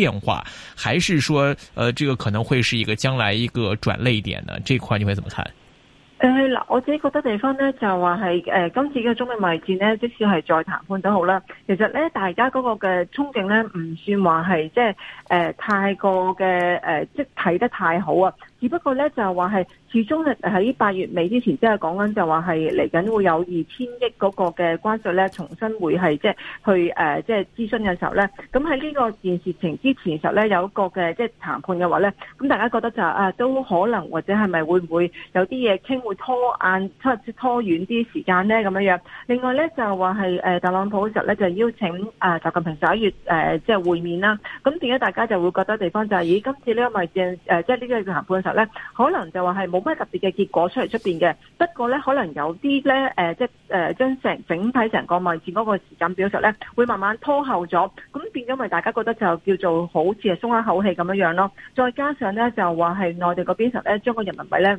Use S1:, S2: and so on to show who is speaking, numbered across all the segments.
S1: 變化，還是說，呃，這個可能會是一個將來一個轉捩點呢？這塊你會怎麼看？
S2: 誒，嗱，我自己覺得地方呢，就話係，誒、呃，今次嘅中美貿易戰呢，即使係再談判都好啦，其實呢，大家嗰個嘅憧憬呢，唔算話係即係，誒、呃，太過嘅，誒、呃，即係睇得太好啊。只不過咧就係話係始終喺八月尾之前，即係講緊就話係嚟緊會有二千億嗰個嘅關稅咧，重新會係即係去誒即係諮詢嘅時候咧。咁喺呢個件事情之前嘅時候咧，有一個嘅即係談判嘅話咧，咁大家覺得就啊都可能或者係咪會唔會有啲嘢傾會拖晏，即拖遠啲時間咧咁樣樣。另外咧就係話係誒特朗普時候咧就邀請啊習近平十一月誒即係會面啦。咁點解大家就會覺得地方就係咦今次呢個貿易戰誒即係呢個談判？咧可能就話係冇乜特別嘅結果出嚟出面嘅，不過咧可能有啲咧誒，即係誒，將成整，整體成個貿易嗰個時間表述咧會慢慢拖後咗，咁變咗咪大家覺得就叫做好似係鬆一口氣咁樣樣咯，再加上咧就話係內地嗰邊實咧將個人民幣咧。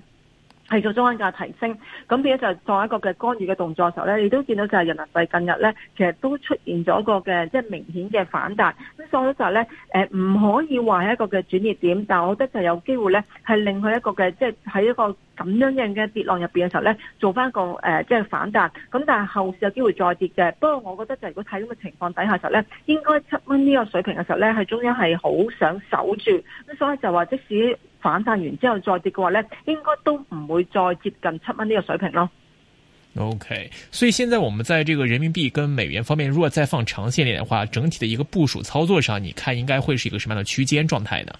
S2: 係做中間價提升，咁變咗就當一個嘅干預嘅動作嘅時候咧，你都見到就係人民幣近日咧，其實都出現咗一個嘅即係明顯嘅反彈。咁所以就係咧，誒、呃、唔可以話係一個嘅轉捩點，但係我覺得就有機會咧，係令佢一個嘅即係喺一個咁樣樣嘅跌浪入邊嘅時候咧，做翻個即係、呃即係、反彈。咁但係後市有機會再跌嘅。不過我覺得就係如果睇咁嘅情況底下時候咧，應該七蚊呢個水平嘅時候咧，係中央係好想守住。咁所以就話即使。反彈完之後再跌嘅話呢，應該都唔會再接近七蚊呢個水平咯。
S1: OK，所以現在我們在這個人民幣跟美元方面，如果再放長綫點的話，整體的一個部署操作上，你看應該會是一個什麼樣的區間狀態呢？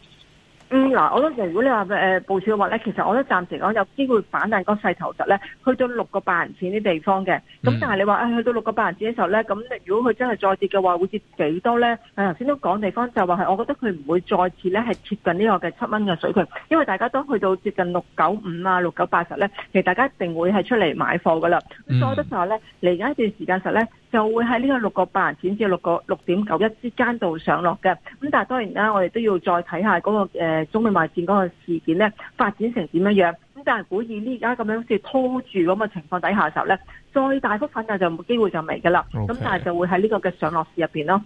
S1: 嗯
S2: 嗱、啊，我覺如果你、呃、署話誒部署嘅話咧，其實我都暫時講有機會反彈嗰勢頭咧，去到六個八人錢啲地方嘅。咁、mm. 但係你話誒、哎、去到六個八人錢嘅時候咧，咁如果佢真係再跌嘅話，會跌幾多咧？我頭先都講地方就話係，我覺得佢唔會再次咧係接近呢個嘅七蚊嘅水平，因為大家都去到接近六九五啊、六九八十咧，其實大家一定會係出嚟買貨㗎啦。Mm. 所以得都就話咧，嚟緊一段時間實咧，就會喺呢個六個八人錢至六個六點九一之間度上落嘅。咁但係當然啦、啊，我哋都要再睇下嗰、那個、呃咁咪埋線嗰個事件咧發展成點樣樣？咁但係估以呢而家咁樣好似拖住咁嘅情況底下嘅時候咧，再大幅反彈就冇機會就未係噶啦。咁但係就會喺呢個嘅上落市入邊咯。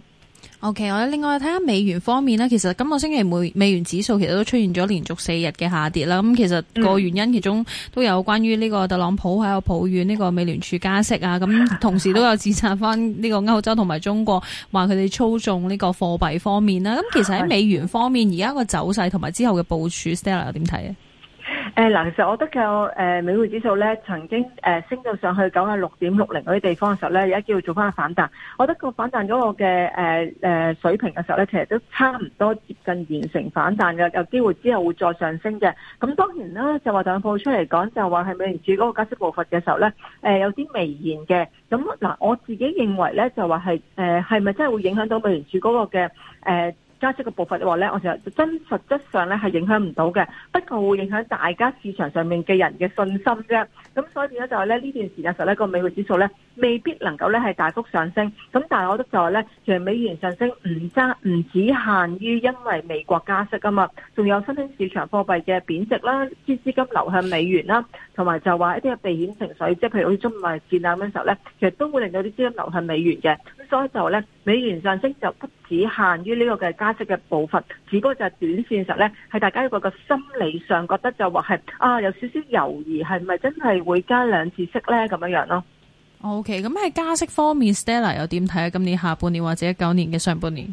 S3: O.K. 我哋另外睇下美元方面咧，其實今個星期美元指數其實都出現咗連續四日嘅下跌啦。咁其實個原因其中都有關於呢個特朗普喺度抱怨呢個美聯儲加息啊，咁同時都有指責翻呢個歐洲同埋中國話佢哋操縱呢個貨幣方面啦。咁其實喺美元方面而家個走勢同埋之後嘅部署，Stella 點睇啊？
S2: 誒嗱，其實我覺得個誒美匯指數咧，曾經誒升到上去九啊六點六零嗰啲地方嘅時候咧，而家叫做做翻個反彈。我覺得個反彈咗我嘅誒誒水平嘅時候咧，其實都差唔多接近完成反彈嘅，有機會之後會再上升嘅。咁當然啦，就話特朗普出嚟講，就話係美聯儲嗰個加息步伐嘅時候咧，誒有啲微言嘅。咁嗱，我自己認為咧，就話係誒係咪真係會影響到美聯儲嗰個嘅誒加息嘅步伐嘅話咧，我其實真實質上咧係影響唔到嘅，不過會影響大家市場上面嘅人嘅信心啫。咁所以咧就係咧，呢這段時間嘅時候呢，個美元指數咧未必能夠咧係大幅上升。咁但係我覺得就係咧，其實美元上升唔唔只限於因為美國加息啊嘛，仲有新興市場貨幣嘅貶值啦，啲資金流向美元啦，同埋就話一啲避險情緒，即係譬如好似中午係跌啦咁嘅時候咧，其實都會令到啲資金流向美元嘅。咁所以就咧美元上升就不止限於呢、這個嘅。加息嘅步伐，只不過就係短線嘅時候呢，係大家個個心理上覺得就話、是、係啊，有少少猶豫，係咪真係會加兩次息呢？咁樣樣咯。
S3: OK，咁喺加息方面，Stella 又點睇啊？今年下半年或者一九年嘅上半年？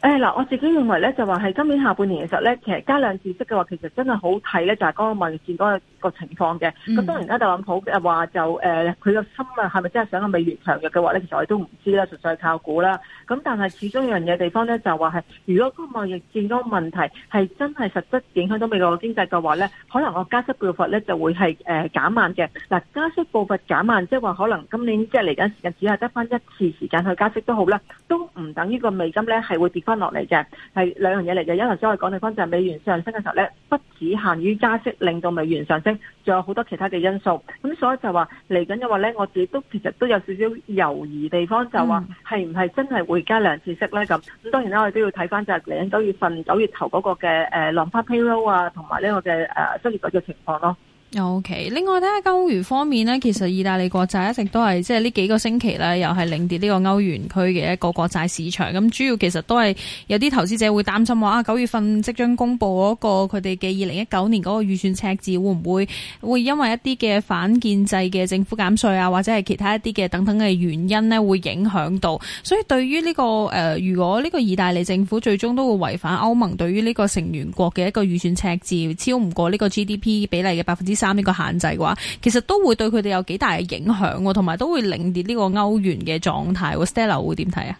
S2: 誒、哎、我自己認為呢，就話係今年下半年嘅時候呢，其實加兩次息嘅話，其實真係好睇呢。就係、是、嗰個貿易戰嗰個情況嘅。咁、嗯、當然特朗普話就誒，佢、呃、個心啊，係咪真係想個美元強弱嘅話呢？其實我都唔知啦，純粹靠估啦。咁但係始終有樣嘢地方呢，就話係如果嗰個貿易戰嗰個問題係真係實質影響到美國嘅經濟嘅話呢，可能個加息步伐呢就會係、呃、減慢嘅、呃。加息步伐減慢，即係話可能今年即係嚟緊時間，只係得返一次時間去加息都好啦，都唔等於個美金呢係會跌翻落嚟嘅係兩樣嘢嚟嘅，因為之外講地方就係美元上升嘅時候咧，不止限於加息令到美元上升，仲有好多其他嘅因素。咁所以就話嚟緊嘅話咧，我自己都其實都有少少猶豫地方，就話係唔係真係會加兩次息咧咁。咁當然啦，我哋都要睇翻就係嚟緊九月份九月頭嗰個嘅誒 non-farm payroll 啊，同埋呢個嘅誒失業率情況咯。
S3: O.K. 另外睇下歐元方面呢，其實意大利國債一直都係即係呢幾個星期呢，又係領跌呢個歐元區嘅一個國債市場。咁主要其實都係有啲投資者會擔心話啊，九月份即將公布嗰、那個佢哋嘅二零一九年嗰個預算赤字，會唔會會因為一啲嘅反建制嘅政府減稅啊，或者係其他一啲嘅等等嘅原因呢，會影響到。所以對於呢、這個誒、呃，如果呢個意大利政府最終都會違反歐盟對於呢個成員國嘅一個預算赤字超唔過呢個 GDP 比例嘅百分之。爭、這、呢個限制嘅話，其實都會對佢哋有幾大嘅影響喎，同埋都會領跌呢個歐元嘅狀態。Stella 會點睇啊？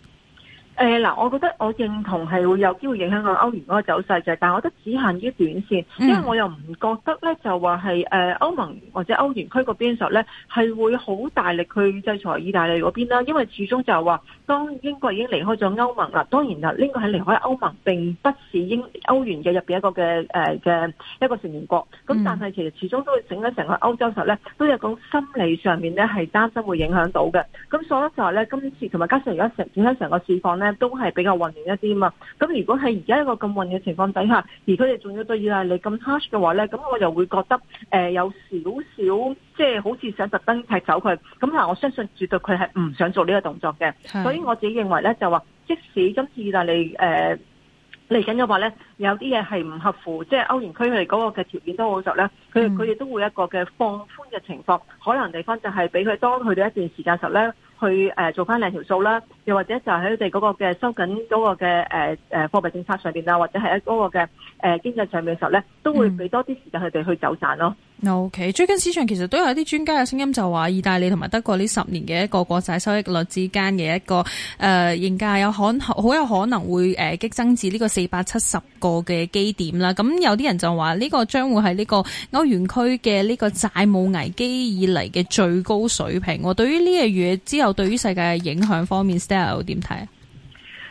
S2: 誒、嗯、我覺得我認同係會有機會影響到歐元嗰個走勢啫，但係我覺得只限於短線，因為我又唔覺得呢就話係歐盟或者歐元區嗰邊時候咧係會好大力去制裁意大利嗰邊啦，因為始終就係話當英國已經離開咗歐盟啦，當然啦呢個係離開歐盟並不是英歐元嘅入邊一個嘅、呃、一個成員國，咁但係其實始終都會整咗成個歐洲時候咧都有個心理上面呢係擔心會影響到嘅，咁所以就話呢，今次同埋加上而家成整咗成個市況呢。都係比較混亂一啲嘛，咁如果喺而家一個咁混嘅情況底下，而佢哋仲要對意大利咁 harsh 嘅話咧，咁我就會覺得誒、呃、有少少即係好似想特登踢走佢，咁嗱我相信絕對佢係唔想做呢個動作嘅，所以我自己認為咧就話，即使今次意大利誒嚟緊嘅話咧，有啲嘢係唔合乎，即係歐元區佢哋嗰個嘅條件都好實咧，佢佢哋都會一個嘅放寬嘅情況，可能地方就係俾佢當去到一段時間時咧。去誒做返兩條數啦，又或者就喺佢哋嗰個嘅收緊嗰個嘅誒誒貨幣政策上邊啦，或者係喺嗰個嘅誒經濟上面嘅時候咧，都會俾多啲時間佢哋去走盞咯。
S3: O、okay, K，最近市場其實都有一啲專家嘅聲音，就話意大利同埋德國呢十年嘅一個國債收益率之間嘅一個誒應、呃、價有可好有可能會、呃、激增至呢個四百七十個嘅基點啦。咁有啲人就話呢個將會係呢個歐元區嘅呢個債務危機以嚟嘅最高水平。我、呃、對於呢嘢之後對於世界嘅影響方面，Stella 點睇啊？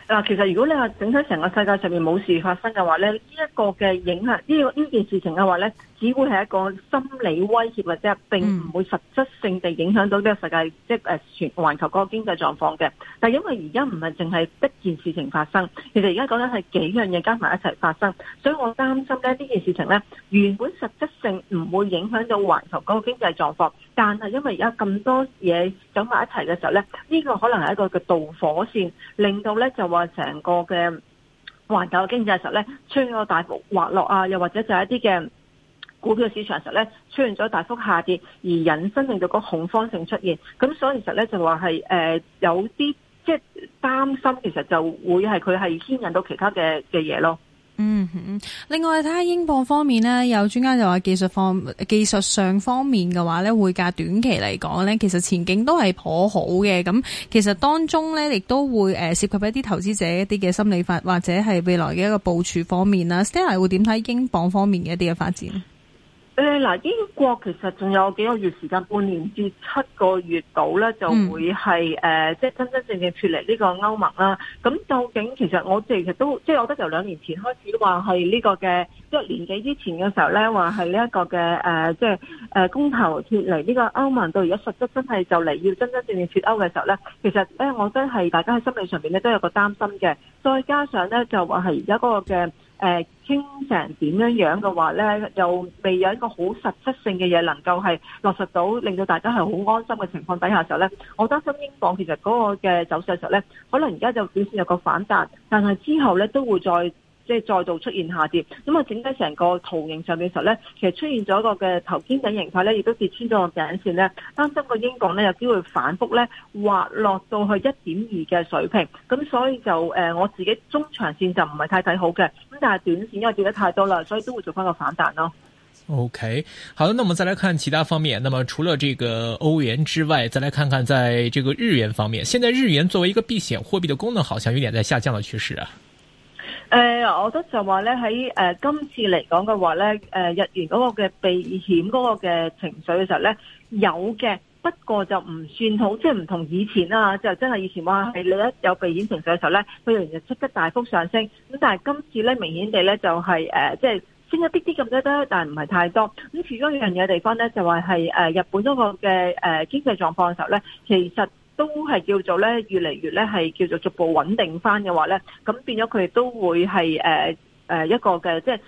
S3: 嗱，其實如果你話整
S2: 體成個世界上面冇事發生嘅話,、這個這個這個、話呢一個嘅影響呢呢件事情嘅話呢只會係一個心理威脅或者並唔會實質性地影響到呢個世界，嗯、即係誒全環球嗰個經濟狀況嘅。但係因為而家唔係淨係一件事情發生，其實而家講緊係幾樣嘢加埋一齊發生，所以我擔心咧呢件事情呢，原本實質性唔會影響到環球嗰個經濟狀況，但係因為而家咁多嘢走埋一齊嘅時候呢，呢、這個可能係一個嘅導火線，令到呢就話成個嘅環球經濟嘅時候呢，出現一個大幅滑落啊，又或者就係一啲嘅。股票市場實咧出現咗大幅下跌，而引申令到個恐慌性出現，咁所以其實咧就話係誒有啲即係擔心，其實就會係佢係牽引到其他嘅嘅嘢咯。嗯，
S3: 另外睇下英鎊方面呢，有專家就話技術方技術上方面嘅話咧，匯價短期嚟講呢，其實前景都係頗好嘅。咁其實當中呢，亦都會誒涉及一啲投資者一啲嘅心理法，或者係未來嘅一個部署方面啦。Stella 會點睇英鎊方面嘅一啲嘅發展？
S2: 嗱，英國其實仲有幾個月時間，半年至七個月到咧，就會係即係真真正正脫離呢個歐盟啦。咁、嗯、究竟其實我其實都，即係我覺得由兩年前開始話係呢個嘅一年幾之前嘅時候咧，話係呢一個嘅即係公投脫離呢個歐盟，到而家實質真係就嚟要真真正正脫歐嘅時候咧，其實我真係大家喺心理上面咧都有個擔心嘅，再加上咧就話係而家嗰個嘅。誒、啊、傾成點樣樣嘅話咧，又未有一個好實質性嘅嘢能夠係落實到令到大家係好安心嘅情況底下時候咧，我擔心英鎊其實嗰個嘅走勢時候咧，可能而家就表示有個反彈，但係之後咧都會再。即係再度出現下跌，咁啊整體成個圖形上面嘅時候咧，其實出現咗一個嘅頭肩頂形態咧，亦都跌穿咗個頸線咧，擔心個英鎊咧有機會反覆咧滑，滑落到去一點二嘅水平，咁所以就誒、呃、我自己中長線就唔係太睇好嘅，咁但係短線因為跌得太多啦，所以都會做翻個反彈咯、
S1: 哦。OK，好的，咁我哋再來看其他方面，那麼除了這個歐元之外，再來看看在這個日元方面，現在日元作為一個避險貨幣的功能，好像有點在下降的趨勢啊。
S2: 誒、呃，我覺得就話咧喺誒今次嚟講嘅話咧，誒、呃、日元嗰個嘅避險嗰個嘅情緒嘅時候咧有嘅，不過就唔算好，即係唔同以前啦，就真係以前話係你一有避險情緒嘅時候咧，佢突然就出得大幅上升，咁但係今次咧明顯地咧就係誒即係升一啲啲咁多得，但係唔係太多。咁其中一樣嘢地方咧就話係誒日本嗰個嘅誒、呃、經濟狀況嘅時候咧，其實。都係叫做咧，越嚟越咧係叫做逐步穩定翻嘅話咧，咁變咗佢都會係誒一個嘅，即係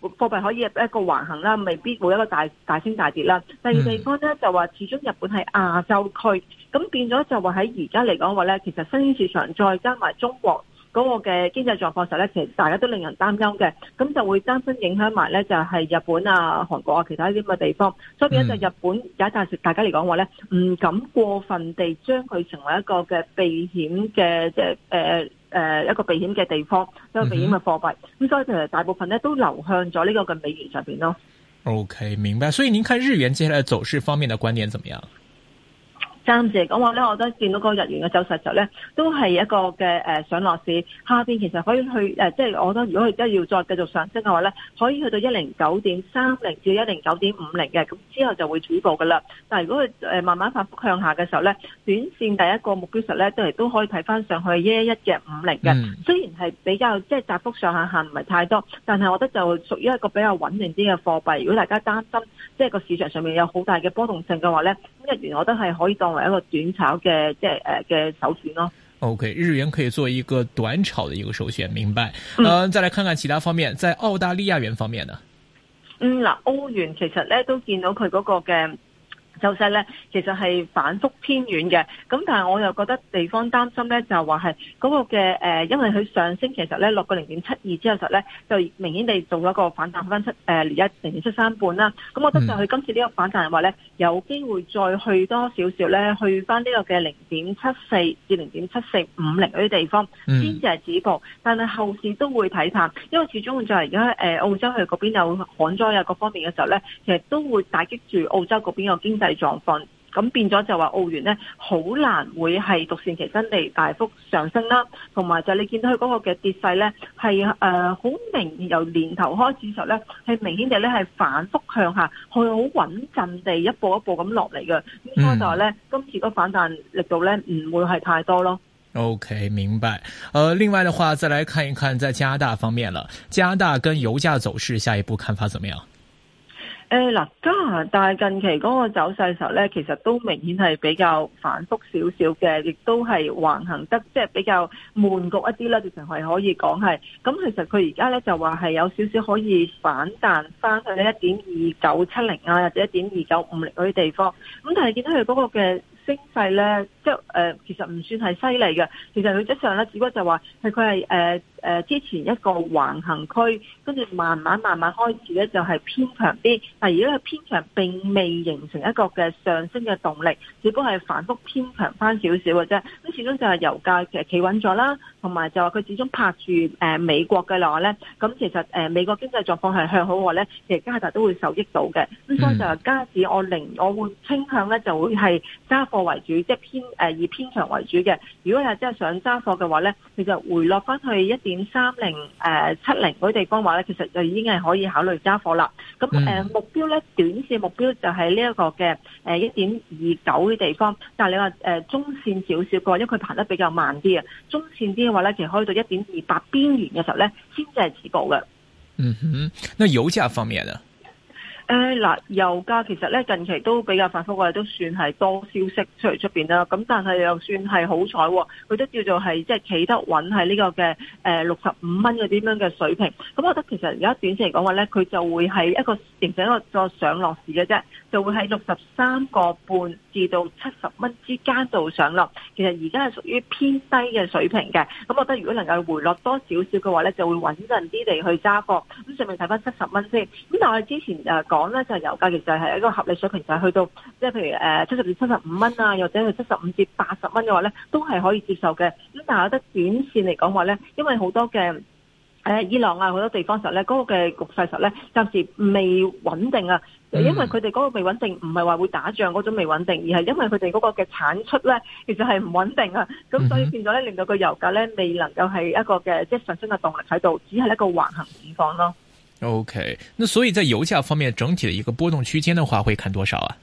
S2: 貨幣可以入一個橫行啦，未必會一個大大升大跌啦。第二地方咧就話，始終日本係亞洲區，咁變咗就話喺而家嚟講話咧，其實新興市場再加埋中國。嗰、那個嘅經濟狀況實咧，其實大家都令人擔憂嘅，咁就會擔心影響埋咧就係、是、日本啊、韓國啊其他啲咁嘅地方。所以變咗就日本有一陣大家嚟講話咧，唔敢過分地將佢成為一個嘅避險嘅即係誒誒一個避險嘅地方，一個避險嘅貨幣。咁、嗯、所以其實大部分咧都流向咗呢個嘅美元上邊咯。
S1: OK，明白。所以您看日元接下來走勢方面的觀點怎麼樣？
S2: 暫時咁話咧，我都見到個日元嘅走勢時候咧，都係一個嘅上落市下邊，其實可以去即係、呃就是、我覺得如果而家要再繼續上升嘅話咧，可以去到一零九點三零至一零九點五零嘅，咁之後就會止步噶啦。但係如果佢慢慢反覆向下嘅時候咧，短線第一個目標實咧都係都可以睇翻上去一一隻五零嘅。雖然係比較即係窄幅上限下限唔係太多，但係我覺得就屬於一個比較穩定啲嘅貨幣。如果大家擔心即係個市場上面有好大嘅波動性嘅話咧，日元我都係可以當為一個短炒嘅即係
S1: 誒嘅首選咯。OK，日元可以作為一個短炒嘅一個首選，明白。嗯、呃，再來看看其他方面，在澳大利亞元方面呢？
S2: 嗯，嗱、呃，歐元其實咧都見到佢嗰個嘅。走勢咧，其實係反覆偏軟嘅。咁但係我又覺得地方擔心咧，就係話係嗰個嘅誒，因為佢上升其實咧落個零點七二之後實咧，就明顯地做咗個反彈翻出誒一零點七三半啦。咁、呃嗯、我覺得就佢今次呢個反彈嘅話咧，有機會再去多少少咧，去翻呢個嘅零點七四至零點七四五零嗰啲地方先至係止步。但係後市都會睇淡，因為始終就係而家誒澳洲佢嗰邊有旱災啊各方面嘅時候咧，其實都會打擊住澳洲嗰邊個經狀況，咁變咗就話澳元呢，好難會係獨善其身地大幅上升啦。同埋就你見到佢嗰個嘅跌勢呢，係誒好明，由年頭開始時候呢，係明顯地呢，係反復向下，去好穩陣地一步一步咁落嚟嘅。咁所以就話呢，今次個反彈力度呢，唔會係太多咯。
S1: OK，明白。呃，另外的話，再來看一看在加拿大方面了。加拿大跟油價走勢，下一步看法怎麼樣？
S2: 誒嗱，加拿大近期嗰個走勢時候咧，其實都明顯係比較反覆少少嘅，亦都係橫行得即係、就是、比較悶局一啲啦，仲係可以講係。咁、嗯、其實佢而家咧就話係有少少可以反彈翻去一點二九七零啊，或者一點二九五零嗰啲地方。咁但係見到佢嗰個嘅升勢咧。即係其實唔算係犀利嘅。其實佢質上咧，只不過就話係佢係誒之前一個橫行區，跟住慢慢慢慢開始咧就係偏強啲。但係而家係偏強並未形成一個嘅上升嘅動力，只不過係反覆偏強翻少少嘅啫。咁始終就係油價其實企穩咗啦，同埋就話佢始終拍住誒美國嘅落咧。咁其實美國經濟狀況係向好嘅咧，其實加拿大都會受益到嘅。咁、嗯、所以就係加市，我零我會傾向咧就會係揸貨為主，即係偏。誒，以偏強為主嘅，如果係真係想揸貨嘅話咧，其實回落翻去一點三零誒七零嗰啲地方嘅話咧，其實就已經係可以考慮揸貨啦。咁誒、呃、目標咧，短線目標就係呢一個嘅誒一點二九嘅地方。但係你話誒中線少少嘅話，因為佢爬得比較慢啲啊，中線啲嘅話咧，其實可以到一點二八邊緣嘅時候咧，先至係止步嘅。嗯
S1: 哼，那油價方面呢？
S2: 誒、欸、嗱，油價其實咧近期都比較反覆，都算係多消息出嚟出邊啦。咁但係又算係好彩，佢都叫做係即係企得穩喺呢、這個嘅誒六十五蚊嗰啲咁嘅水平。咁我覺得其實而家短線嚟講話咧，佢就會係一個形成一個再上落市嘅啫，就會喺六十三個半至到七十蚊之間度上落。其實而家係屬於偏低嘅水平嘅。咁我覺得如果能夠回落多少少嘅話咧，就會穩陣啲地去揸貨。咁順便睇翻七十蚊先。咁但係我哋之前誒講。講咧就係油價，其實係一個合理水平，就係去到即係譬如誒七十至七十五蚊啊，又或者係七十五至八十蚊嘅話咧，都係可以接受嘅。咁但係我覺得短線嚟講話咧，因為好多嘅誒、呃、伊朗啊，好多地方時候咧，嗰、嗰個嘅局勢時候咧暫時未穩定啊。因為佢哋嗰個未穩定，唔係話會打仗嗰種未穩定，而係因為佢哋嗰個嘅產出咧，其實係唔穩定啊。咁所以變咗咧，令到個油價咧未能夠係一個嘅即係上升嘅動力喺度，只係一個橫行情況咯。
S1: O、okay, K，那所以在油價方面整體的一個波動區間的話，會看多少啊？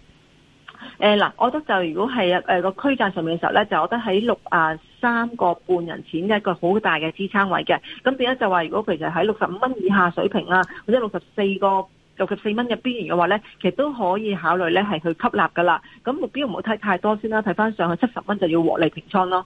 S2: 誒、呃、嗱，我覺得就如果係誒個區間上面嘅時候咧，就我覺得喺六啊三個半人錢一個好大嘅支撐位嘅，咁變咗就話如果其實喺六十五蚊以下水平啦，或者六十四個六十四蚊嘅邊緣嘅話咧，其實都可以考慮咧係去吸納噶啦，咁目標唔好睇太多先啦，睇返上去七十蚊就要獲利平倉咯。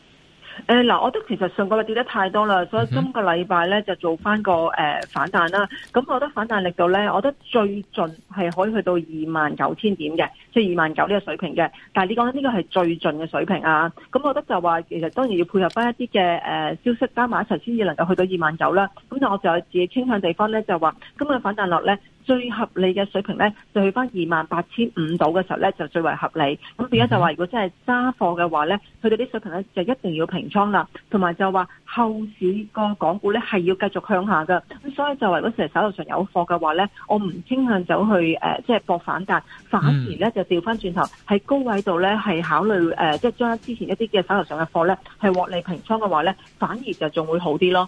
S2: 誒，嗱，我覺得其實上個月跌得太多啦，所以今個禮拜咧就做翻個誒、呃、反彈啦、啊。咁我覺得反彈力度咧，我覺得最盡係可以去到二萬九千點嘅，即係二萬九呢個水平嘅。但係你講呢個係、這個、最盡嘅水平啊？咁我覺得就話，其實當然要配合翻一啲嘅誒消息加埋一齊，先至能夠去到二萬九啦。咁但我就有自己傾向地方咧，就話今日反彈落咧。最合理嘅水平咧，就去翻二萬八千五度嘅時候咧，就最為合理。咁而家就話，如果真係揸貨嘅話咧，佢哋啲水平咧就一定要平倉啦。同埋就話，後市個港股咧係要繼續向下㗎。咁所以就係嗰時手頭上有貨嘅話咧，我唔傾向走去呃，即係搏反彈，反而咧就調翻轉頭喺高位度咧係考慮呃，即係將之前一啲嘅手頭上嘅貨咧係獲利平倉嘅話咧，反而就仲會好啲咯。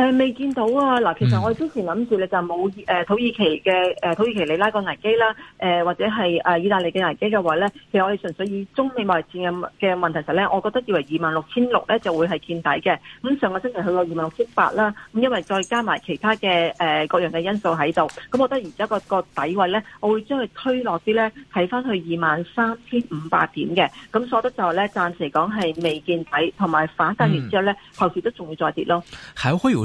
S2: 誒未見到啊！嗱，其實我哋之前諗住咧就冇誒土耳其嘅誒土耳其里拉個危機啦，誒或者係誒意大利嘅危機嘅話咧，其實我哋純粹以中美貿易戰嘅嘅問題實咧，我覺得以為二萬六千六咧就會係見底嘅。咁上個星期去到二萬六千八啦，咁因為再加埋其他嘅誒各樣嘅因素喺度，咁我覺得而家個個底位咧，我會將佢推落啲咧，睇翻去二萬三千五百點嘅。咁所得就咧暫時講係未見底，同埋反彈完之後咧，後期都仲會再跌咯。
S1: 還會有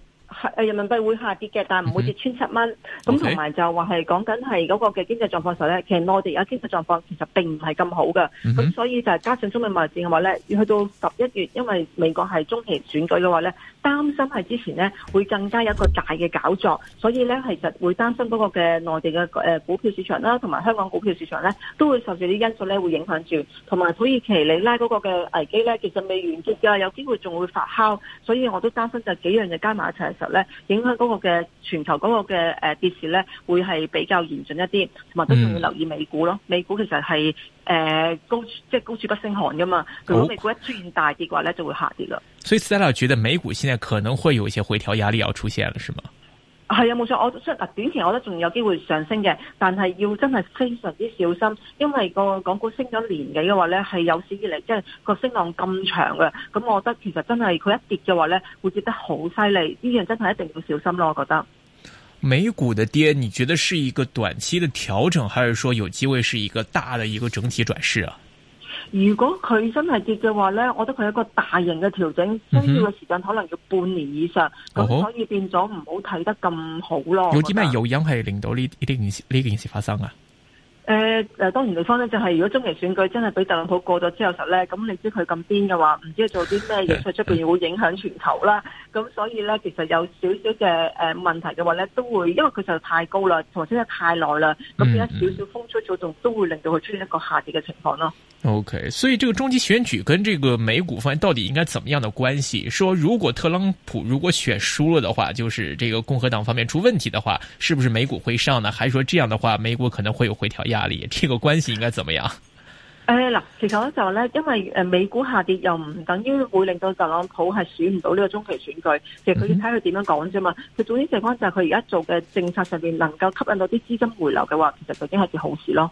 S2: 係誒，人民幣會下跌嘅，但係唔會跌穿七蚊。咁同埋就話係講緊係嗰個嘅經濟狀況嘅時候咧，其實內地而家經濟狀況其實並唔係咁好嘅。咁、mm -hmm. 所以就係加上中美貿戰嘅話咧，要去到十一月，因為美國係中期選舉嘅話咧，擔心係之前咧會更加有一個大嘅搞作，所以咧其實會擔心嗰個嘅內地嘅誒股票市場啦，同埋香港股票市場咧都會受住啲因素咧會影響住，同埋土耳其里拉嗰個嘅危機咧其實未完結㗎，有機會仲會發酵。所以我都擔心就係幾樣嘢加埋一齊。其實咧影響嗰個嘅全球嗰個嘅誒跌勢咧會係比較嚴峻一啲，同埋都仲要留意美股咯。美股其實係誒高即係、就是、高處不勝寒噶嘛，如果美股一出現大跌嘅話咧就會下跌咯、嗯。
S1: 所以斯拉覺得美股現在可能會有一些回調壓力要出現了，是嗎？
S2: 係啊，冇錯，我即係嗱，短期我覺得仲有機會上升嘅，但係要真係非常之小心，因為個港股升咗年幾嘅話咧，係有史以嚟即係個升浪咁長嘅，咁我覺得其實真係佢一跌嘅話咧，會跌得好犀利，呢樣真係一定要小心咯，我覺得。
S1: 美股嘅跌，你覺得是一個短期嘅調整，還是說有機會是一個大嘅一個整體轉勢啊？
S2: 如果佢真係跌嘅話呢，我覺得佢一個大型嘅調整，需要嘅時間可能要半年以上，咁、嗯、可以變咗唔好睇得咁好咯。有啲咩
S1: 誘因係令到呢呢啲件事呢件事發生啊？
S2: 誒、呃、當然地方呢就係如果中期選舉真係俾特朗普過咗之後實呢，咁你知佢咁癲嘅話，唔知佢做啲咩嘢出出邊會影響全球啦。咁、嗯嗯、所以呢，其實有少少嘅誒問題嘅話呢，都會因為佢實在太高啦，同埋實在太耐啦，咁而一少少風吹草動仲都會令到佢出現一個下跌嘅情況咯。嗯嗯
S1: O、okay, K，所以這個中期選舉跟這個美股方面到底應該怎麼樣的關係？說如果特朗普如果選輸了的話，就是這個共和黨方面出問題的話，是不是美股會上呢？還是說這樣的話，美股可能會有回調壓力？這個關係應該怎麼樣？
S2: 誒，嗱，其實我就咧，因為誒美股下跌又唔等於會令到特朗普係選唔到呢個中期選舉，其實佢要睇佢點樣講啫嘛。佢總之情況就係佢而家做嘅政策上邊能夠吸引到啲資金回流嘅話，其實就已經係件好事咯。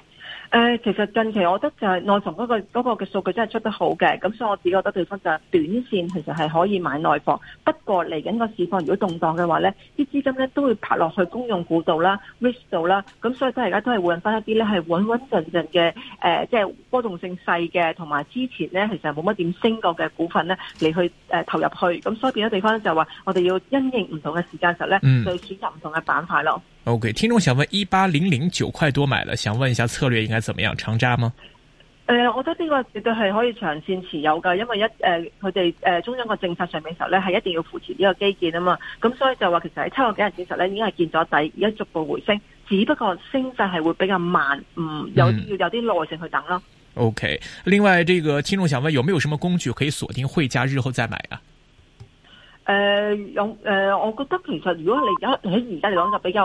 S2: 誒、呃，其實近期我覺得就係內房嗰、那個嗰、那個嘅數據真係出得好嘅，咁所以我自己覺得，地方就係短線其實係可以買內房，不過嚟緊個市況如果動盪嘅話咧，啲資金咧都會拍落去公用股度啦、risk 度啦，咁、啊、所以真係而家都係換翻一啲咧係穩穩陣陣嘅，誒、呃，即、就、係、是、波動性細嘅，同埋之前咧其實冇乜點升過嘅股份咧嚟去誒、啊、投入去，咁所以變咗地方咧就係話我哋要因應唔同嘅時間就咧，嗯，就選擇唔同嘅板塊咯。
S1: O.K.，聽眾想問一八零零九塊多買嘅，想問一下策略應該怎麼樣，長揸嗎？
S2: 誒、呃，我覺得呢個絕對係可以長線持有噶，因為一誒佢哋誒中央個政策上面嘅時候咧，係一定要扶持呢個基建啊嘛，咁所以就話其實喺七個幾日嘅時候咧，已經係見咗底，而家逐步回升，只不過升勢係會比較慢，唔、嗯、有、嗯、要有啲耐性去等咯。
S1: O.K.，另外，呢個聽眾想問，有冇什麼工具可以鎖定匯價，日後再買啊？誒、
S2: 呃，用、呃、誒，我覺得其實如果你而喺而家嚟講就比較。